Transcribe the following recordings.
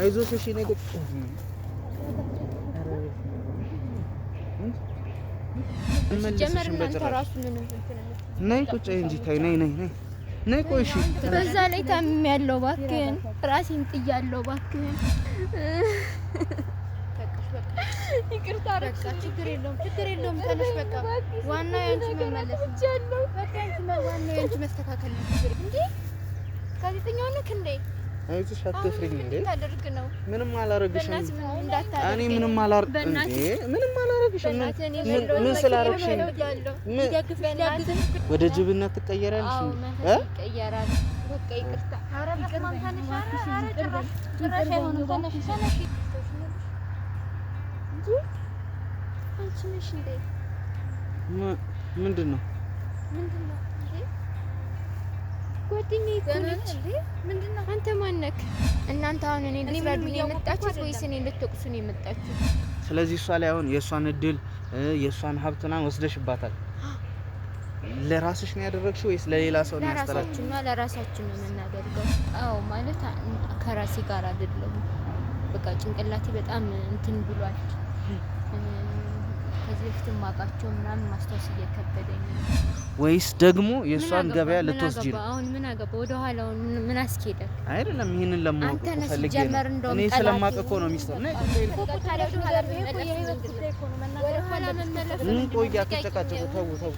አይዞሽ እሺ ነገ ነይ ቁጭ እንጂ ተይ ነይ ነይ ነይ ነይ ቆይ እሺ በዛ ላይ ታምሜያለሁ እባክህን ራሴን ጥያለሁ እባክህን ይቅርታ ችግር የለውም ችግር የለውም ተነሽ በቃ ያንቺ መመለስ ነው በቃ ያንቺ መስተካከል ነው እንዴ ጋዜጠኛው እንዴ አይዞሽ አትፍሪኝ። እንዴ ምንም አላረግሽም። እኔ ምንም አላረግሽም። ምን ስላረግሽ ወደ ጅብነት ትቀየራለሽ? ምንድን ነው? ጓደኛዬ እኮ ነች። አንተ ማን እናንተ አሁን እኔ ልትረዱ ነው የመጣችሁት ወይስ እኔ ልትወቅሱ ነው የመጣችሁት? ስለዚህ እሷ ላይ አሁን የእሷን እድል የእሷን ሀብት ምናምን ወስደሽባታል። ለራስሽ ነው ያደረግሽው ወይስ ለሌላ ሰው ነው ያስተላልፍሽ? ለራሳችን ነው የምናደርገው። አዎ ማለት ከራሴ ጋር አይደለም። በቃ ጭንቅላቴ በጣም እንትን ብሏል። ከዚህ በፊት ማውቃቸው ምናምን ማስታወስ እየከበደኝ ነው። ወይስ ደግሞ የእሷን ገበያ ልትወስጂ ነው? አሁን ምን አገባ? ወደ ኋላ ምን አስኬደ? አይደለም ይህንን ለማወቅ ፈልጌ ነው። እኔ ስለማውቅ እኮ ነው ሚስጥር ነው። ቆይ አትጨቃጨቁ፣ ተው ተው።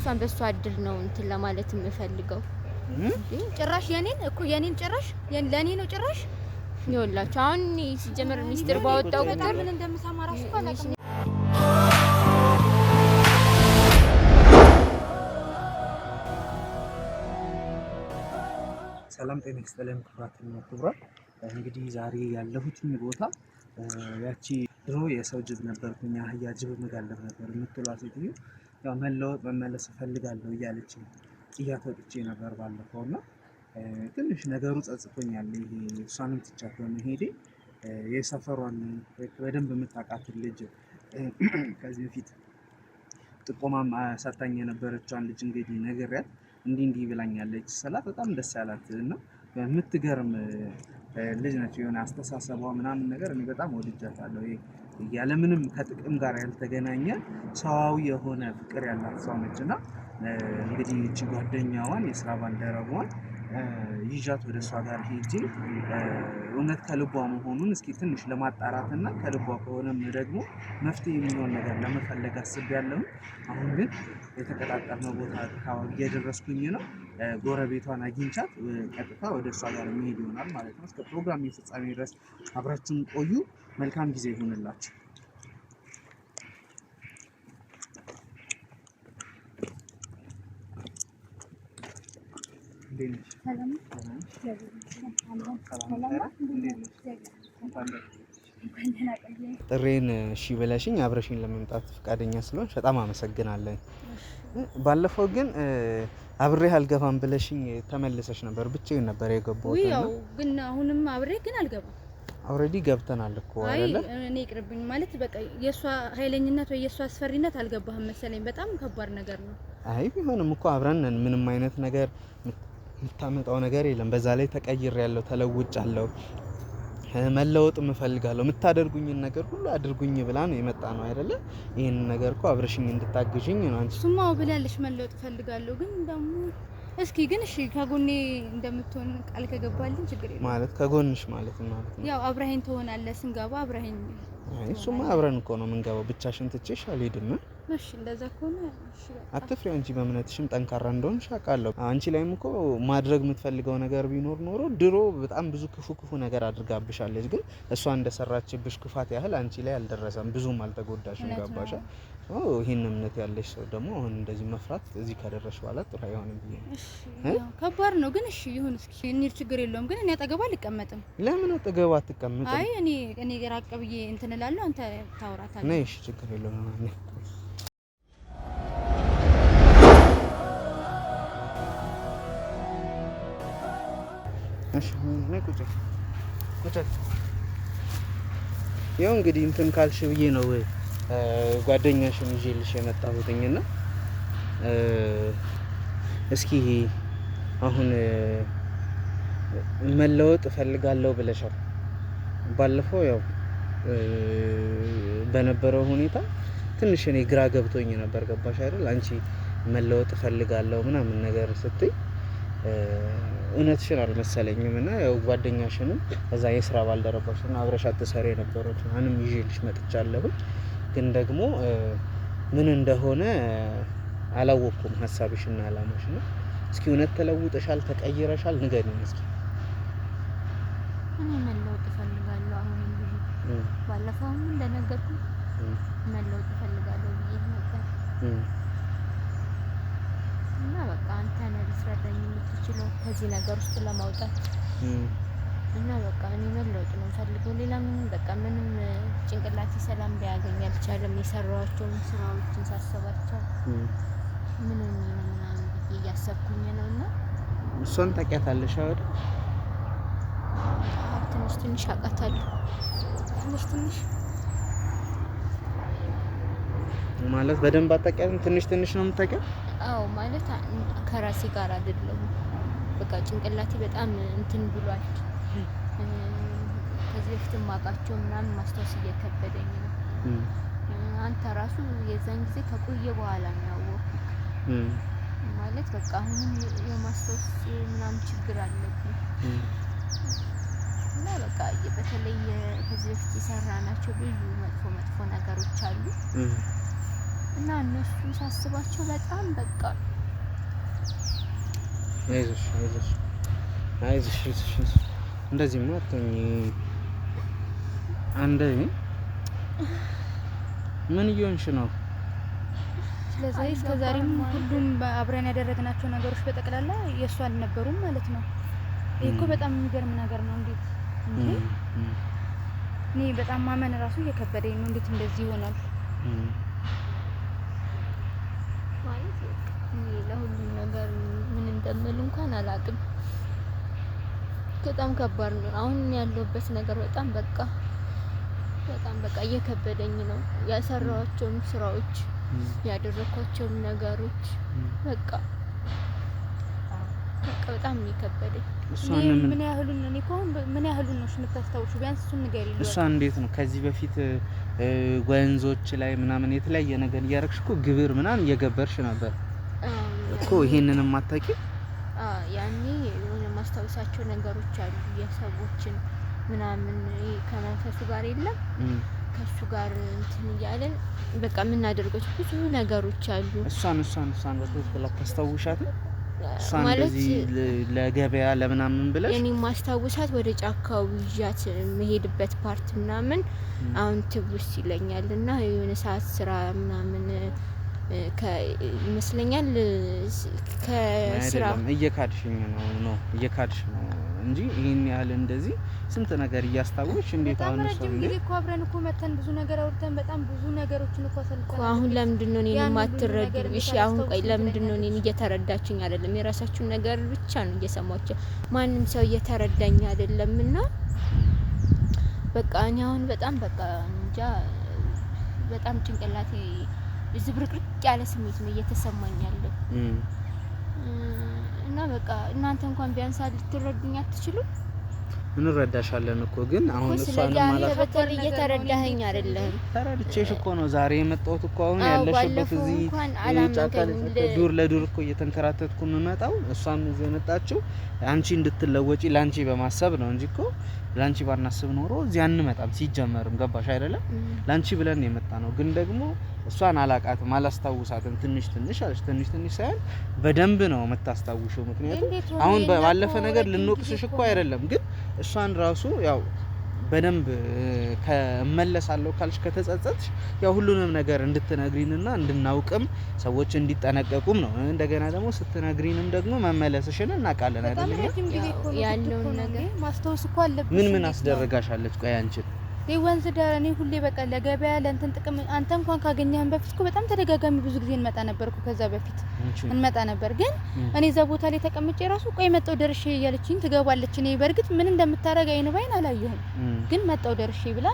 እሷን በእሷ እድል ነው እንትን ለማለት የምፈልገው። ጭራሽ የኔን እኮ የኔን ጭራሽ ለእኔ ነው ጭራሽ ይወላችሁ አሁን ሲጀመር ሚስጥር ባወጣው ቁጥር ምን እንደምሰማ ራሱ ሰላም ጤና ይስጥልን ክቡራትና ክቡራን። እንግዲህ ዛሬ ያለሁትኝ ቦታ ያቺ ድሮ የሰው ጅብ ነበርኩኝ አህያ ጅብ መጋለብ ነበር የምትሏ ሴትዮ ያው መለወጥ መመለስ እፈልጋለሁ እያለች ጥያት ወጥቼ ነበር ባለፈው እና ትንሽ ነገሩ ጸጽቶኛል። ይሄ እሷንም ትቻት በመሄዴ የሰፈሯን በደንብ የምታውቃትን ልጅ ከዚህ በፊት ጥቆማም ሰታኝ የነበረችዋን ልጅ እንግዲህ ነግሬያት እንዲህ እንዲህ ብላኛለች ስላት በጣም ደስ ያላት እና የምትገርም ልጅ ነች። የሆነ አስተሳሰቧ ምናምን ነገር እኔ በጣም ወድጃታለሁ። ያለምንም ከጥቅም ጋር ያልተገናኘ ሰዋዊ የሆነ ፍቅር ያላት ሰው ነች እና እንግዲህ እቺ ጓደኛዋን የስራ ባልደረቧን ይዣት ወደ እሷ ጋር ሄጄ እውነት ከልቧ መሆኑን እስኪ ትንሽ ለማጣራት እና ከልቧ ከሆነም ደግሞ መፍትሄ የሚሆን ነገር ለመፈለግ ያለሁ አሁን ግን የተቀጣጠርነው ቦታ እየደረስኩኝ ነው። ጎረቤቷን አግኝቻት ቀጥታ ወደ እሷ ጋር የሚሄድ ይሆናል ማለት ነው። እስከ ፕሮግራም የፍጻሜ ድረስ አብራችሁን ቆዩ። መልካም ጊዜ ይሆንላችሁ። ጥሬን እሺ ብለሽኝ አብረሽኝ ለመምጣት ፈቃደኛ ስለሆን በጣም አመሰግናለን። ባለፈው ግን አብሬህ አልገባም ብለሽኝ ተመልሰሽ ነበር። ብቻ ነበር የገባሁት። ያው ግን አሁንም አብሬ ግን አልገባም። ኦልሬዲ ገብተናል እኮ አይደለ? እኔ ይቅርብኝ ማለት በቃ የእሷ ኃይለኝነት ወይ የእሷ አስፈሪነት አልገባህም መሰለኝ። በጣም ከባድ ነገር ነው። አይ ቢሆንም እኮ አብረን ምንም አይነት ነገር የምታመጣው ነገር የለም። በዛ ላይ ያለው ተለውጭ ያለው መለወጥ እፈልጋለሁ፣ የምታደርጉኝን ነገር ሁሉ አድርጉኝ ብላ ነው የመጣ ነው አይደለ? ይህን ነገር እኮ አብረሽኝ እንድታግዥኝ ነው። አንቺ ስማው ብላለሽ፣ መለወጥ እፈልጋለሁ ግን ደግሞ እስኪ ግን እሺ ከጎኔ እንደምትሆን ቃል ከገባልኝ ችግር የለም። ማለት ከጎንሽ ማለት ማለት ያው አብረኸኝ ትሆናለህ ስንገባ አብረኸኝ። እሱማ አብረን እኮ ነው የምንገባው። ብቻሽን ትቼሽ አልሄድም። እሺ እንደዛ እንጂ በእምነትሽም ጠንካራ እንደሆን አውቃለሁ። አንቺ ላይም እኮ ማድረግ የምትፈልገው ነገር ቢኖር ኖሮ ድሮ በጣም ብዙ ክፉ ክፉ ነገር አድርጋብሻለች፣ ግን እሷ እንደሰራችብሽ ክፋት ያህል አንቺ ላይ አልደረሰም፣ ብዙም አልተጎዳሽም። ገባሻ? ይህን እምነት ያለሽ ሰው ደግሞ አሁን እንደዚህ መፍራት እዚህ ከደረሽ በኋላ ጥሩ አይሆንም ብዬ ከባድ ነው ግን እሺ ይሁን እስኪ እኒል ችግር የለውም። ግን እኔ አጠገቡ አልቀመጥም። ለምን አጠገቧ አትቀመጥም? አይ እኔ እኔ ራቅ ብዬ እንትን እላለሁ፣ አንተ ታውራታለህ። ነይ እሺ ችግር የለውም ያው እንግዲህ እንትን ካልሽ ብዬ ነው ጓደኛሽን ይዤልሽ የመጣሁትኝ እና እስኪ አሁን መለወጥ እፈልጋለሁ ብለሻል። ባለፈው ያው በነበረው ሁኔታ ትንሽ እኔ ግራ ገብቶኝ ነበር። ገባሽ አይደል? አንቺ መለወጥ እፈልጋለሁ ምናምን ነገር ስትይ እውነትሽን አልመሰለኝም እና ያው ጓደኛሽንም እዛ የስራ ባልደረባሽን አብረሻት ትሰሪ የነበረችው አንም ይዤልሽ መጥቻለሁኝ። ግን ደግሞ ምን እንደሆነ አላወቅኩም ሀሳብሽና አላማሽ ነው። እስኪ እውነት ተለውጠሻል፣ ተቀይረሻል? ንገሪኝ እስኪ። እኔ መለወጥ እፈልጋለሁ። አሁን እንግዲህ ባለፈውም እንደነገርኩ መለወጥ እፈልጋለሁ ብዬ ነበር እና በቃ አንተ ነህ ልትረዳኝ የምትችለው ከዚህ ነገር ውስጥ ለማውጣት እና በቃ እኔ መለወጥ ነው ፈልገው ሌላ ምንም በቃ ምንም ጭንቅላቴ ሰላም ሊያገኝ አልቻለም። የሰራኋቸውን ስራዎችን ሳሰባቸው ምን ሆኜ ምናምን ብዬ እያሰብኩኝ ነው እና እሷን ታውቂያታለሽ አይደል? ትንሽ ትንሽ አውቃታለሁ። ትንሽ ትንሽ ማለት በደንብ አታውቂያትም። ትንሽ ትንሽ ነው የምታውቂያት አዎ ማለት ከራሴ ጋር አይደለም። በቃ ጭንቅላቴ በጣም እንትን ብሏል። ከዚህ በፊት ማውቃቸው ምናምን ማስታወስ እየከበደኝ ነው። አንተ ራሱ የዛን ጊዜ ከቆየ በኋላ ነው ያወቅ ማለት በቃ አሁንም የማስታወስ ምናምን ችግር አለብኝ እና በቃ በተለይ ከዚህ በፊት የሰራናቸው ብዙ መጥፎ መጥፎ ነገሮች አሉ እና እነሱ ሳስባቸው በጣም በቃ አይዞሽ አይዞሽ አይዞሽ አይዞሽ እንደዚህ ማጥኝ አንዴ ምን እየሆንሽ ነው? ስለዚህ እስከዛሬም ሁሉም አብረን ያደረግናቸው ነገሮች በጠቅላላ የእሱ አልነበሩም ማለት ነው። ይህ እኮ በጣም የሚገርም ነገር ነው። እንዴት እኔ በጣም ማመን እራሱ እየከበደኝ ነው። እንዴት እንደዚህ ይሆናል? ማለት እኔ ለሁሉም ነገር ምን እንደምል እንኳን አላውቅም። በጣም ከባድ ነው። አሁን ያለሁበት ነገር በጣም በቃ በጣም በቃ እየከበደኝ ነው። ያሰራኋቸውም ስራዎች ያደረኳቸውም ነገሮች በቃ በቃ በጣም እየከበደኝ ምን ያህሉን ያህሉ ነው የምታስታውሹ? ቢያንስ እሱን ንገሪ። እሷ እንዴት ነው ከዚህ በፊት ወንዞች ላይ ምናምን የተለያየ ነገር እያረግሽ እኮ ግብር ምናምን እየገበርሽ ነበር እኮ ይሄንን ማታቂ ያኔ ነገሮች አሉ የሰዎችን ምናምን ከመንፈሱ ጋር የለም ከሱ ጋር እንትን እያለን በቃ የምናደርገው ብዙ ነገሮች አሉ። እሷን እሷን እሷን በትክክል አታስታውሻት ማለት ለገበያ ለምናምን ብለሽ እኔ ማስታወሳት ወደ ጫካው ይዣት መሄድበት ፓርት ምናምን አሁን ትውስ ይለኛል እና የሆነ ሰዓት ስራ ምናምን ይመስለኛል ከስራ እየካድሽኝ ነው ነው እየካድሽ ነው እንጂ ይሄን ያህል እንደዚህ ስንት ነገር እያስታወስሽ እንዴት አሁን እሷ እንዴ እኮ አብረን እኮ መተን ብዙ ነገር አውርተን በጣም ብዙ ነገሮችን እኮ ሰልተን አሁን ለምንድን ነው እኔን የማትረዱኝ? እሺ አሁን ቆይ ለምንድን ነው እኔን እየተረዳችኝ አይደለም? የራሳችሁን ነገር ብቻ ነው እየሰማችሁ፣ ማንም ሰው እየተረዳኝ አይደለም። እና በቃ እኔ አሁን በጣም በቃ እንጃ በጣም ጭንቅላቴ ዝብርቅርቅ ያለ ስሜት ነው እየተሰማኝ ያለው። እና በቃ እናንተ እንኳን ቢያንስ ልትረዱኝ አትችሉም? እንረዳሻለን እኮ ግን አሁን እሷን ማለት እየተረዳኸኝ አይደለም። ተረድቼሽ እኮ ነው ዛሬ የመጣሁት እኮ አሁን ያለሽበት እዚህ ጫካ ዱር ለዱር እኮ እየተንከራተትኩ የምመጣው እሷም እዚህ የመጣችው አንቺ እንድትለወጪ ላንቺ በማሰብ ነው እንጂ እኮ ላንቺ ባናስብ ኖሮ እዚህ አንመጣም። ሲጀመርም ገባሽ አይደለም? ላንቺ ብለን የመጣ ነው። ግን ደግሞ እሷን አላቃትም፣ አላስታውሳትም። ትንሽ ትንሽ አለች። ትንሽ ትንሽ ሳይሆን በደንብ ነው የምታስታውሽው። ምክንያቱም አሁን ባለፈ ነገር ልንወቅስሽ እኮ አይደለም ግን እሷን ራሱ ያው በደንብ ከመለሳለሁ ካልሽ ከተጸጸትሽ ያው ሁሉንም ነገር እንድትነግሪንና እንድናውቅም ሰዎች እንዲጠነቀቁም ነው። እንደገና ደግሞ ስትነግሪንም ደግሞ መመለስሽን እናውቃለን አይደለም? ያለውን ነገር ማስታወስ እኮ አለብሽ። ምን ምን አስደረጋሻለች? ቆይ አንቺን ወንዝ ዳር እኔ ሁሌ በቃ ለገበያ ለእንትን ጥቅም አንተ እንኳን ካገኘህን በፊት እኮ በጣም ተደጋጋሚ ብዙ ጊዜ እንመጣ ነበርኩ። ከዛ በፊት እንመጣ ነበር፣ ግን እኔ እዛ ቦታ ላይ ተቀምጬ ራሱ ቆይ መጣው ደርሼ እያለችኝ ትገባለች። እኔ በእርግጥ ምን እንደምታረግ አይን ባይን አላየሁም፣ ግን መጣው ደርሼ ብላ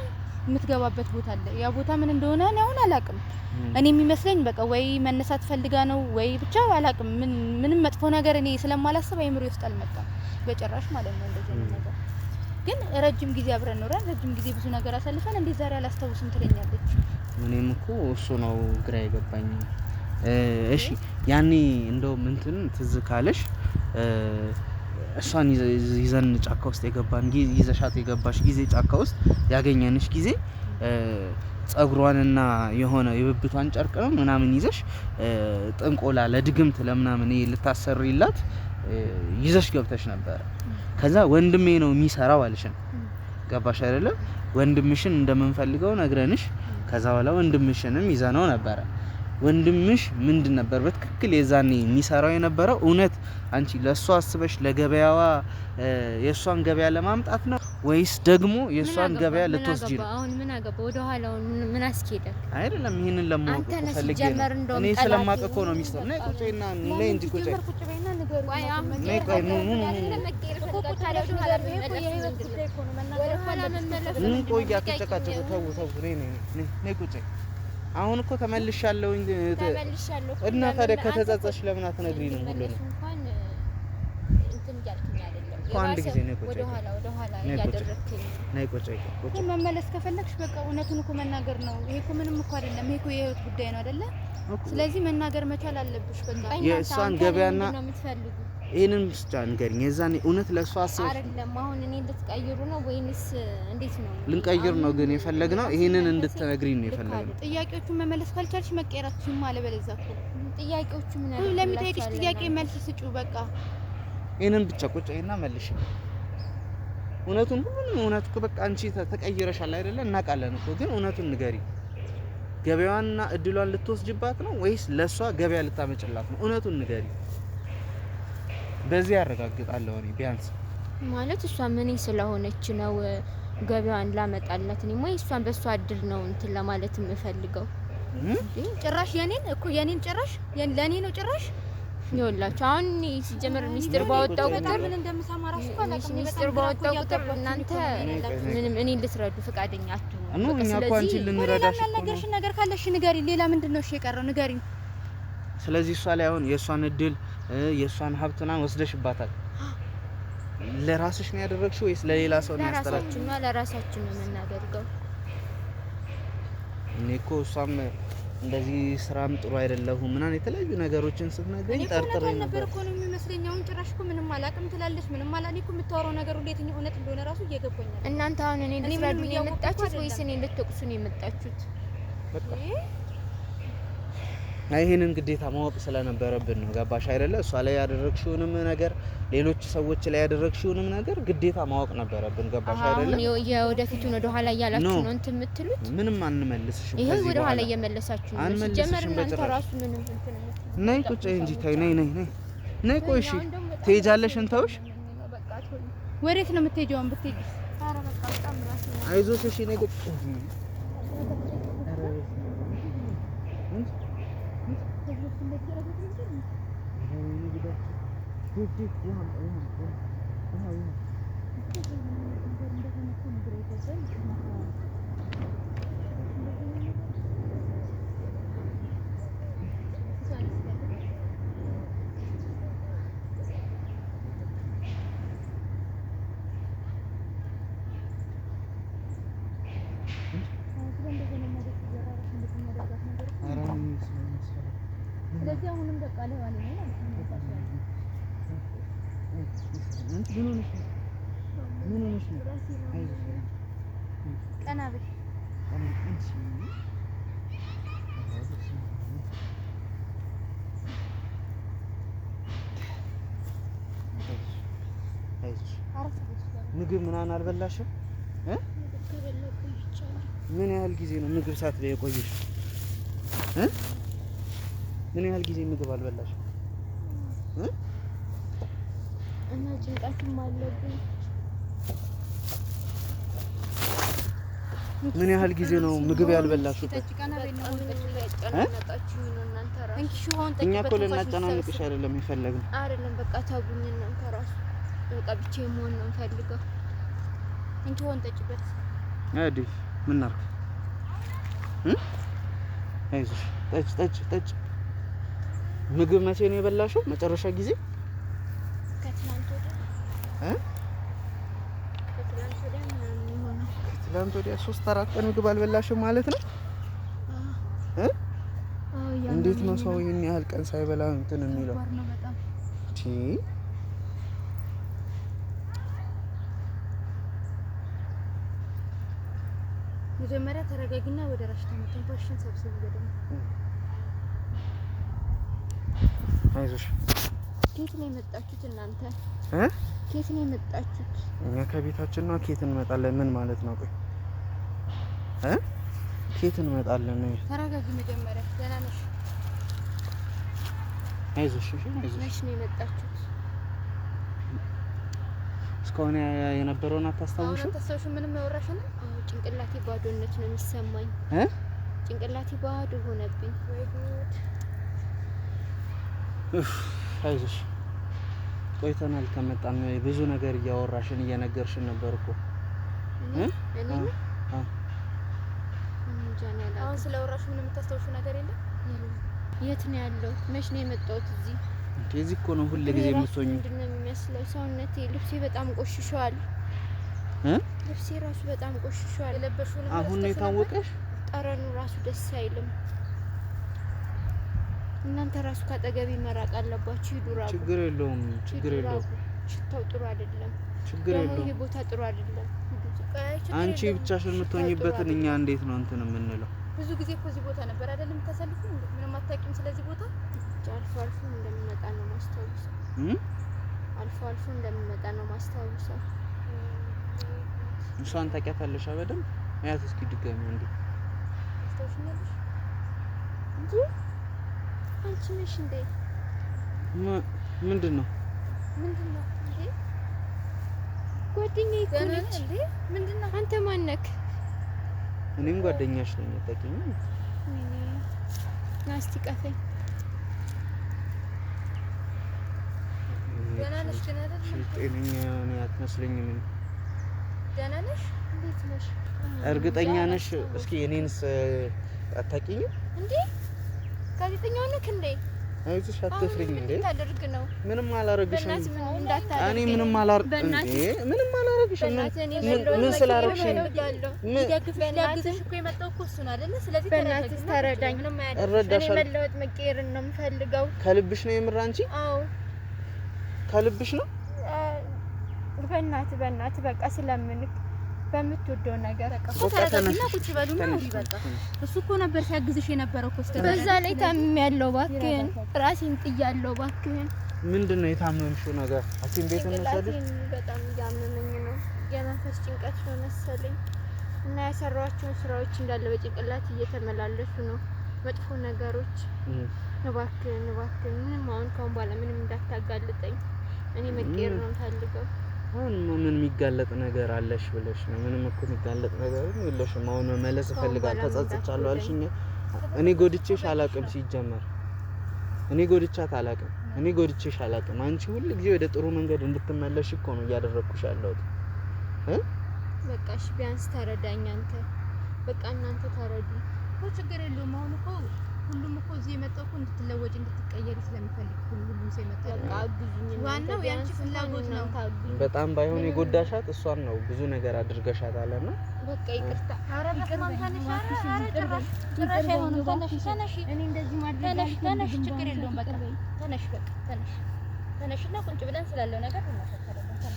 የምትገባበት ቦታ አለ። ያ ቦታ ምን እንደሆነ እኔ አሁን አላቅም። እኔ የሚመስለኝ በቃ ወይ መነሳት ፈልጋ ነው ወይ ብቻ አላቅም። ምንም መጥፎ ነገር እኔ ስለማላስብ አይምሮ ውስጥ አልመጣም በጭራሽ ማለት ነው እንደዚህ ነገር ግን ረጅም ጊዜ አብረን ኖረን ረጅም ጊዜ ብዙ ነገር አሳልፈን እንዴት ዛሬ አላስታውስም ትለኛለች። እኔም እኮ እሱ ነው ግራ የገባኝ። እሺ ያኔ እንደውም ምንትን ትዝ ካለሽ እሷን ይዘን ጫካ ውስጥ የገባን ይዘሻት የገባሽ ጊዜ ጫካ ውስጥ ያገኘንሽ ጊዜ ጸጉሯንና የሆነ የብብቷን ጨርቅ ምናምን ይዘሽ ጥንቆላ ለድግምት ለምናምን ልታሰሪላት ይዘሽ ገብተሽ ነበረ። ከዛ ወንድሜ ነው የሚሰራው አልሽን። ገባሽ አይደለም? ወንድምሽን እንደምንፈልገው ነግረንሽ፣ ከዛ በኋላ ወንድምሽንም ይዘነው ነበረ። ወንድምሽ ምንድን ነበር በትክክል የዛኔ የሚሰራው የነበረው? እውነት አንቺ ለእሷ አስበሽ ለገበያዋ የእሷን ገበያ ለማምጣት ነው ወይስ ደግሞ የእሷን ገበያ ልትወስጂ ነው? አገባ ወደኋላው ምን አይደለም ይሄንን ለማወቅ ፈልጌ እኔ ስለማውቅ እኮ ነው ነይ ቁጭ በይና ነይ እንጂ ቁጭ በይ ቆይ ኑ ኑ ኑ ምን ተው ተው ነይ ነይ ነይ ቁጭ በይ። አሁን እኮ ተመልሻለሁ እና ታዲያ ከተጸጸሽ ለምን አትነግሪንም ሁሉንም አንድ ጊዜ ነይ ቁጭ ነይ ቁጭ ቁጭ። መመለስ ከፈለግሽ በቃ እውነቱን እኮ መናገር ነው። ይሄ እኮ ምንም እኮ አይደለም። ይሄ እኮ የህይወት ጉዳይ ነው አይደለ? ስለዚህ መናገር መቻል አለብሽ። በቃ የእሷን ገበያና ይሄንን ብቻ ንገሪኝ። የዛኔ እውነት ለእሷ አስብ አይደለም። አሁን እኔ ልትቀይሩ ነው ወይንስ እንዴት ነው? ልንቀይር ነው ግን የፈለግነው ይሄንን እንድትነግሪኝ ነው የፈለግነው። ጥያቄዎቹን መመለስ ካልቻልሽ መቀየራችሁ ማለት እኮ ጥያቄዎቹ ምን ለሚጠይቅሽ ጥያቄ መልስ ስጪው በቃ ይህንን ብቻ ቁጭ ይና መልሽ። እውነቱን ሁሉንም እውነት እኮ በቃ አንቺ ተቀይረሻል አይደለ? እናውቃለን እኮ ግን እውነቱን ንገሪ። ገበያዋንና እድሏን ልትወስጅባት ነው ወይስ ለእሷ ገበያ ልታመጭላት ነው? እውነቱን ንገሪ። በዚህ ያረጋግጣለሁ እኔ ቢያንስ ማለት እሷ ምን ስለሆነች ነው ገበያዋን ላመጣላት ነው ወይ እሷን በእሷ እድል ነው እንትን ለማለት የምፈልገው ጭራሽ የኔን እኮ የኔን ጭራሽ ለኔ ነው ጭራሽ ይኸውላችሁ አሁን ሲጀምር ሚስጥር ባወጣው ቁጥር ሚስጥር ባወጣው ቁጥር እናንተ ምንም እኔ ልትረዱ ፈቃደኛ አትሆኑ። ነገር ካለሽ ንገሪኝ። ሌላ ምንድን ነው እሺ የቀረው ንገሪኝ። ስለዚህ እሷ ላይ አሁን የእሷን እድል የእሷን ሀብትና ወስደሽባታል። ለራስሽ ነው ያደረግሽው ወይስ ለሌላ ሰው ነው ያስተላልፍሽ? ለራሳችን ነው የምናደርገው። እኔ እኮ እሷም እንደዚህ ስራም ጥሩ አይደለሁም ምናምን የተለያዩ ነገሮችን ስትነግረኝ ጠርጥሬ ነበር እኮ ነው የሚመስለኝ። አሁን ጭራሽ እኮ ምንም አላውቅም ትላለች፣ ምንም አላውቅም እኮ የምታወራው ነገር ሁሉ የትኛው እውነት እንደሆነ ራሱ እየገባኛል። እናንተ አሁን እኔ ልትረዱኝ የመጣችሁት ወይስ እኔ ልትወቅሱን የመጣችሁት? በቃ ይህንን ግዴታ ማወቅ ስለነበረብን ነው። ገባሽ አይደለ? እሷ ላይ ያደረግሽውንም ነገር ሌሎች ሰዎች ላይ ያደረግሽውንም ነገር ግዴታ ማወቅ ነበረብን። ገባሽ አይደለ? የወደፊቱን ወደኋላ እያላችሁ ነው እንትን የምትሉት። ምንም አንመልስሽም። ይህ ወደኋላ ኋላ እየመለሳችሁ ነው። ጀመር ነይ ቁጭ እንጂ ታይ ነይ ነይ ነይ ነይ። ቆይ እሺ፣ ትሄጃለሽ። እንተውሽ። ወዴት ነው የምትሄጂው? ብትሄጂ አይዞሽ። እሺ ነይ ቁጭ Gigi, ya ampun, ya ampun. Ya Sudah siang minum ምን ሆነሽ ነው? ምን ሆነሽ ነው? ቀና በይ። ምግብ ምናምን አልበላሽም? ምን ያህል ጊዜ ነው ምግብ ሳትበይ የቆየሽ? ምን ያህል ጊዜ ምግብ አልበላሽም? እና ጭንቀትም አለብኝ። ምን ያህል ጊዜ ነው ምግብ ያልበላችሁ? እኛ እኮ ልናጨናንቅሽ አይደለም የፈለግነው። አይደለም በቃ እናንተ ራሱ በቃ ብቻ መሆን ነው የምፈልገው። እንኪ ሆን ጠጭበት አዲ ምን ናርክ? አይዞሽ ጠጭ ጠጭ ጠጭ። ምግብ መቼ ነው የበላሽው መጨረሻ ጊዜ? ከትላንት ወዲያ ሶስት አራት ቀን ምግብ አልበላሽም ማለት ነው። እንዴት ነው ሰው ይህን ያህል ቀን ሳይበላ እንትን የሚለው? መጀመሪያ ተረጋጊና ወደ ራሽ ተመተንኳሽን ሰብስብ አይዞሽ ኬት ነው የመጣችሁት እናንተ እ ኬት ነው የመጣችሁት? እኛ ከቤታችን ነው። ኬት እንመጣለን። ምን ማለት ነው? ቆይ እ ኬት እንመጣለን ተረጋጊ መጀመሪያ። ደህና ነሽ? አይዞሽ፣ እሺ፣ ነው የመጣችሁት? እስካሁን የነበረውን አታስታውሽም? አታስታውሽም? ምንም ያወራሽ ነው። ጭንቅላቴ ባዶነት ነው የሚሰማኝ እ ጭንቅላቴ ባዶ ሆነብኝ ወይ ጉድ አይዞሽ ቆይተናል ከመጣን ብዙ ነገር እያወራሽን እየነገርሽን ነበር እኮ አሁን ስለወራሽ ምንም የምታስታውሹ ነገር የለም የት ነው ያለው መች ነው የመጣሁት እዚህ እዚህ እኮ ነው ሁሉ ጊዜ የምትሆኝ። ምንድን ነው የሚመስለው ሰውነቴ ልብሴ በጣም ቆሽሿል ልብሴ ራሱ በጣም ቆሽሿል የለበሽው አሁን ነው የታወቀሽ ጠረኑ ራሱ ደስ አይልም እናንተ ራሱ ካጠገቤ መራቅ አለባችሁ። ይዱራ ችግር የለውም ችግር የለውም። ሽታው ጥሩ አይደለም። ችግር የለውም። ይሄ ቦታ ጥሩ አይደለም። አንቺ ብቻሽን የምትሆኝበትን እኛ እንዴት ነው እንትን የምንለው? ብዙ ጊዜ እኮ እዚህ ቦታ ነበር አይደለም ተሰልፉ። ምንም አታውቂም ስለዚህ ቦታ። አልፎ አልፎ እንደምመጣ ነው ማስታወሰው። አልፎ አልፎ እንደምመጣ ነው ማስታወሰው። እሷን ታውቂያታለሽ? በደምብ ያት እስኪ ድጋሚ እንዴ አንቺ ነሽ እንዴ? ምንድን ነው ምንድን ነው እንዴ? ጓደኛዬ እኮ ነች። ምንድን ነው አንተ ማን ነህ? እኔም ጓደኛሽ ነኝ። ጠቂኝ ናስቲ ቀፈኝ ጤነኛ የሆነ አትመስለኝም። ደህና ነሽ? እንዴት ነሽ? እርግጠኛ ነሽ? እስኪ እኔንስ አታውቂኝም እንዴ? ጋዜጠኛ ሆነህ እንዴ? አይዞሽ አትፍሪኝ። እንዴ ታደርግ ነው? ምንም አላረግሽም። እኔ ምንም ምንም አላረግሽም። ምን ስላረግሽ ከልብሽ ነው የምር አንቺ? ከልብሽ ነው። በእናትህ በእናትህ በቃ ስለምንክ በምትወደው ነገር ተረጋግና ቁጭ በሉና ይበቃ። እሱ እኮ ነበር ሲያግዝሽ የነበረው እኮ በዛ ላይ ታምሜያለሁ፣ እባክህን ራሴን ጥያለሁ፣ እባክህን። ምንድን ነው የታመምሽው ነገር? ሐኪም ቤት እንወሰድሽ? በጣም እያመመኝ ነው፣ የመንፈስ ጭንቀት ነው መሰለኝ እና ያሰራኋቸውን ስራዎች እንዳለ በጭንቅላት እየተመላለሱ ነው መጥፎ ነገሮች። እባክህን እባክህን፣ ምንም አሁን ካሁን በኋላ ምንም እንዳታጋልጠኝ። እኔ መቀየር ነው የምፈልገው። አሁን ምን የሚጋለጥ ነገር አለሽ ብለሽ ነው? ምንም እኮ የሚጋለጥ ነገር የለሽም። አሁን መመለስ እፈልጋለሁ። ተጸጽቻለሁ አልሽኝ። እኔ ጎድቼሽ አላቅም። ሲጀመር እኔ ጎድቻት አላቅም። እኔ ጎድቼሽ አላቅም። አንቺ ሁል ጊዜ ወደ ጥሩ መንገድ እንድትመለሽ እኮ ነው እያደረግኩሽ ያለሁት። በቃ እሺ፣ ቢያንስ ተረዳኝ አንተ። በቃ እናንተ ተረዱ። ችግር የለውም አሁን እኮ ሁሉም እኮ እዚህ የመጣው እኮ እንድትለወጭ እንድትቀየሪ ስለሚፈልግ ሁሉም ሰው የመጣው ዋናው የአንቺ ፍላጎት ነው። በጣም ባይሆን የጎዳሻት እሷን ነው፣ ብዙ ነገር አድርገሻት አለና በቃ ይቅርታ። ኧረ ጭራሽ አይሆንም። ተነሽ፣ ተነሽ፣ ችግር የለውም። በቃ ተነሽ፣ በቃ ተነሽ፣ ተነሽ እና ቁጭ ብለን ስላለው ነገር እናፈታለን። ተነሽ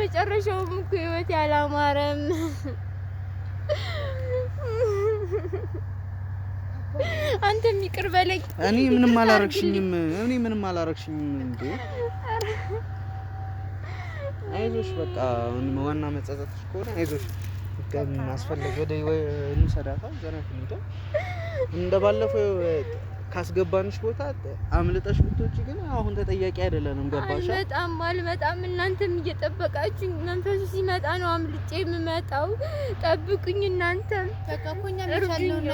መጨረሻውም እኮ ህይወት ያላማረም አንተ ይቅር በለኝ። እኔ ምንም አላረግሽኝም። እኔ ምንም አላረግሽኝም። እንዴ አይዞሽ፣ በቃ ዋና መጸጸትሽ ከሆነ አይዞሽ። አስፈለገ ወደ እንሰዳታ ዘና እንደ ባለፈው ካስገባንሽ ቦታ አምልጠሽ ብትወጪ ግን አሁን ተጠያቂ አይደለንም። ገባሽ? አልመጣም አልመጣም። እናንተም እየጠበቃችሁ መንፈሱ ሲመጣ ነው አምልጬ የምመጣው። ጠብቁኝ። እናንተም እባካችሁን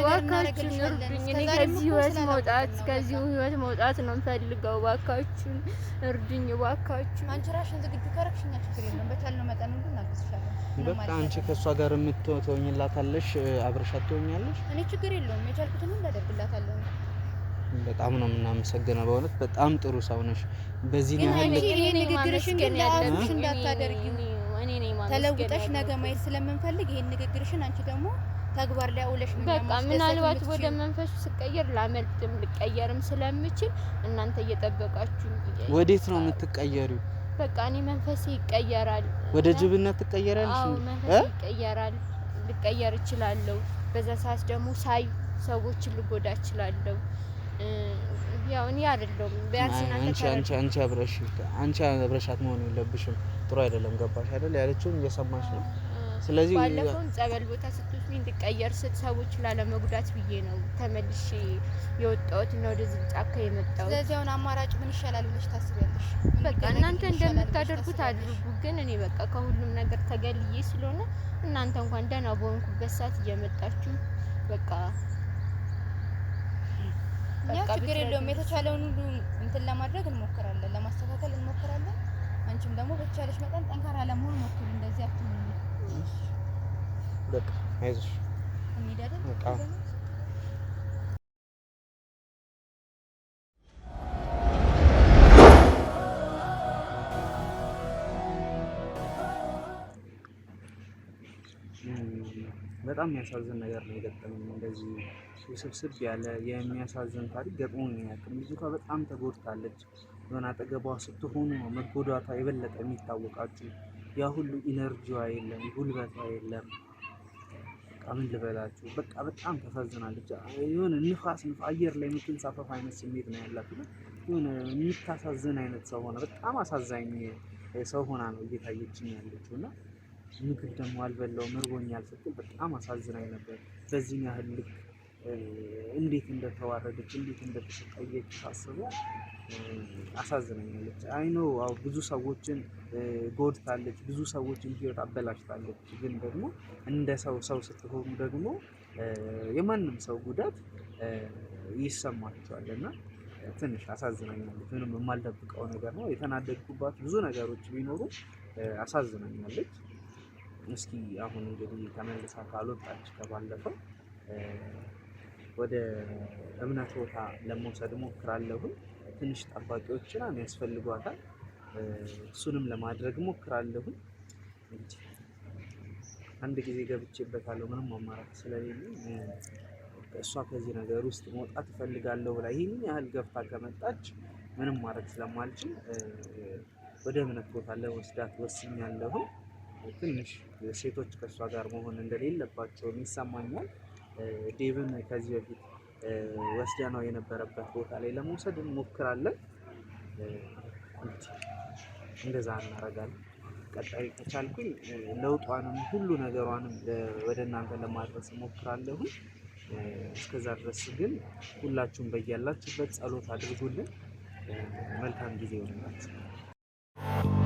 እርዱኝ። እኔ ከዚህ ህይወት መውጣት ከዚህ ህይወት መውጣት ነው የምፈልገው። እባካችሁን እርዱኝ። እባካችሁን አንቺ ራሽን ዝግጁ ካረክሽኛ ችግር የለም። በቻልነው መጠን ሁሉ እናግዝሻለን። በቃ አንቺ ከእሷ ጋር የምትሆኝላታለሽ፣ አብረሻት ትሆኛለሽ። እኔ ችግር የለውም። የቻልኩትን እንዳደርግላታለሁ በጣም ነው የምናመሰግነው። በእውነት በጣም ጥሩ ሰው ነሽ። በዚህ መሀል ንግግርሽን ግን ለአብሽ እንዳታደርጊ ተለውጠሽ ነገ ማየት ስለምንፈልግ ይሄን ንግግርሽን አንቺ ደግሞ ተግባር ላይ አውለሽ በቃ ምናልባት ወደ መንፈሱ ስቀየር ላመልጥም ልቀየርም ስለምችል እናንተ እየጠበቃችሁ ወዴት ነው የምትቀየሪው? በቃ እኔ መንፈሴ ይቀየራል። ወደ ጅብነት ትቀየራለሽ። አዎ መንፈሴ ይቀየራል፣ ልቀየር እችላለሁ። በዛ ሰዓት ደግሞ ሳይ ሰዎችን ልጎዳ እችላለሁ። ያው እኔ አይደለሁም ቢያንስ እናንተ አንቺ አብረሽ አንቺ አብረሻት መሆን የለብሽም። ጥሩ አይደለም። ገባሽ አይደል? ያለችውን እየሰማሽ ነው። ስለዚህ ባለፈው ጸበል ቦታ ስትወስድ እንድቀየር ስል ሰዎች ላለመጉዳት ብዬ ነው ተመልሼ የወጣሁት እና ወደዚህ ጫካ የመጣሁት። ስለዚህ አሁን አማራጭ ምን ይሻላል ብለሽ ታስቢያለሽ? በቃ እናንተ እንደምታደርጉት አድርጉ። ግን እኔ በቃ ከሁሉም ነገር ተገልዬ ስለሆነ እናንተ እንኳን ደህና በሆንኩበት ሰዓት እየመጣችሁ በቃ እኛ ችግር የለውም። የተቻለውን ሁሉ እንትን ለማድረግ እንሞክራለን፣ ለማስተካከል እንሞክራለን። አንቺም ደግሞ በተቻለሽ መጠን ጠንካራ ለመሆን ሞክሪ። እንደዚህ አትሁን። በቃ አይዞሽ። በጣም የሚያሳዝን ነገር ነው የገጠመኝ። እንደዚህ ውስብስብ ያለ የሚያሳዝን ታሪክ ገጥሞኝ ያቅም ልጅቷ በጣም ተጎድታለች። የሆነ አጠገቧ ስትሆኑ ነው መጎዳቷ የበለጠ የሚታወቃችሁ። ያ ሁሉ ኢነርጂዋ የለም፣ ጉልበቷ የለም። በቃ ምን ልበላችሁ፣ በቃ በጣም ተሳዝናለች። የሆነ ንፋስ አየር ላይ የምትንሳፈፍ አይነት ስሜት ነው ያላት። የሆነ የሚታሳዝን አይነት ሰው ሆነ፣ በጣም አሳዛኝ ሰው ሆና ነው እየታየችኝ ያለችው እና ምግብ ደግሞ አልበላው እርቦኛል ስትል በጣም አሳዝናኝ ነበር። በዚህን ያህል ልክ እንዴት እንደተዋረደች እንዴት እንደተሰቃየች ሳስበው አሳዝናኛለች። አይኖ ብዙ ሰዎችን ጎድታለች፣ ብዙ ሰዎችን ህይወት አበላሽታለች። ግን ደግሞ እንደ ሰው ሰው ስትሆኑ ደግሞ የማንም ሰው ጉዳት ይሰማቸዋል እና ትንሽ አሳዝናኛለች። ምንም የማልደብቀው ነገር ነው። የተናደድኩባት ብዙ ነገሮች ቢኖሩ አሳዝናኛለች። እስኪ አሁን እንግዲህ ተመልሳ ካልወጣች ከባለፈው ወደ እምነት ቦታ ለመውሰድ ሞክራለሁኝ። ትንሽ ጠባቂዎችን ያስፈልጓታል። እሱንም ለማድረግ ሞክራለሁ። አንድ ጊዜ ገብቼበታለሁ ምንም አማራጭ ስለሌለ እሷ ከዚህ ነገር ውስጥ መውጣት እፈልጋለሁ ብላ ይህን ያህል ገብታ ከመጣች ምንም ማድረግ ስለማልችል ወደ እምነት ቦታ ለወስዳት ወስኛለሁኝ። ትንሽ ሴቶች ከእሷ ጋር መሆን እንደሌለባቸውም ይሰማኛል። ዴቭን ከዚህ በፊት ወስዳ ነው የነበረበት ቦታ ላይ ለመውሰድ እንሞክራለን። እንደዛ እናደርጋለን። ቀጣይ ከቻልኩኝ ለውጧንም ሁሉ ነገሯንም ወደ እናንተ ለማድረስ እሞክራለሁ። እስከዛ ድረስ ግን ሁላችሁም በያላችሁበት ጸሎት አድርጉልን። መልካም ጊዜ ይሆንላችሁ።